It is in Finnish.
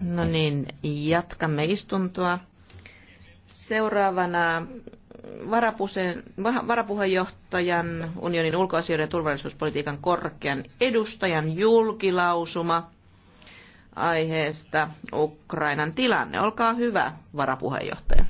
No niin, jatkamme istuntoa. Seuraavana varapuheenjohtajan unionin ulkoasioiden ja turvallisuuspolitiikan korkean edustajan julkilausuma aiheesta Ukrainan tilanne. Olkaa hyvä, varapuheenjohtaja.